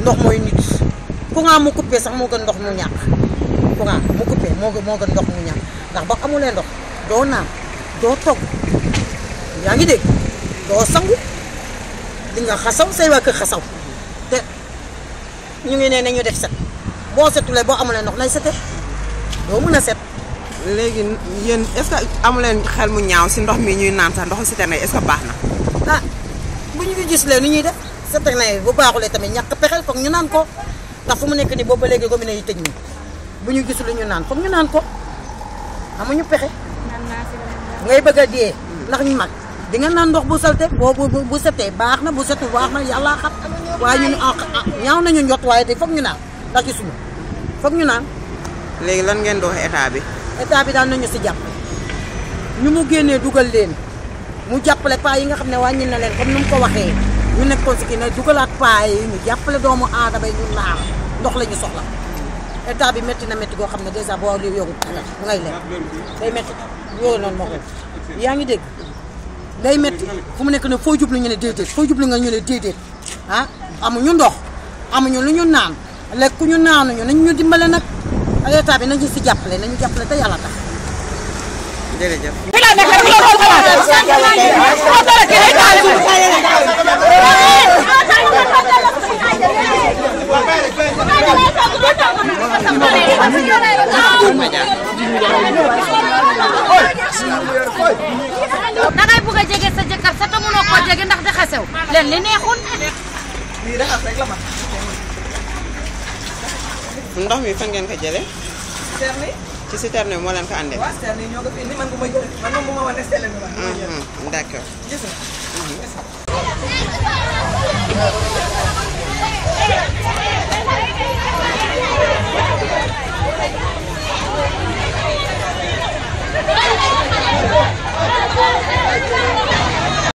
ndox mooy nit courant mu coupé sax moo gën ndox mu ñàkk courant mu coupé moo moo gën ndox mu ñàkk ndax ba amulee ndox doo naan doo togg yaa ngi dégg doo sangu di nga xasaw say waa kër xasaw te ñu ngi ne nañu def set boo setulee boo amulee ndox nay sete doo mën a set léegi yéen est-ce que amuleen xel mu ñaaw si ndox mii ñuy naan sax ndoxu citerne est-ce baax na ah bu ñu gis leen ñuy def citernes yi bu baaxulee tamit ñàkk pexel foog ñu naan ko ndax fu mu nekk nii boobu ba léegi robinet yi tëj ñu bu ñu gis lu ñu naan foog ñu naan ko amuñu pexe. ngay bëgg a dee ndax ñu mag di nga naan ndox bu salte boobu bu setee baax na bu setu baax na yàlla xam waaye ñun ah, ah, ñaaw ñu njot waaye tey foog ñu naan ndax ci suñu ñu naan. léegi lan ngeen dox état bi. état bi daan nañu si jàpp ñu mu génnee dugal leen mu jàppale paa yi nga xam ne wàññi na leen comme ni mu ko ñu nekkoon si kii na dugalaat paa yi ñu jàppale doomu aadama yi ñu naan ndox la ñu soxla état bi métti na métti goo xam ne dèjà boo li yóbbu tàngal ngay lekk day yaa ngi dégg métti fu mu nekk ne foo jublu ñu ne déedéet foo jublu nga ñu ne déedéet ah amuñu ndox amuñu lu ñu naan lekku ñu naanuñu nañ ñu dimbale nag état bi nañu si jàppale nañu jàppale te yàlla tax da ngay bëgg a jege sa jëkkër sa te mënoo koo ndax dafa sew leen li neexul. rek la ndox mi fan ngeen ko jëlee. citerne yi. ci citerne moo leen ko andee. waaw citerne ñoo ko fi indi man bu ma man d'accord.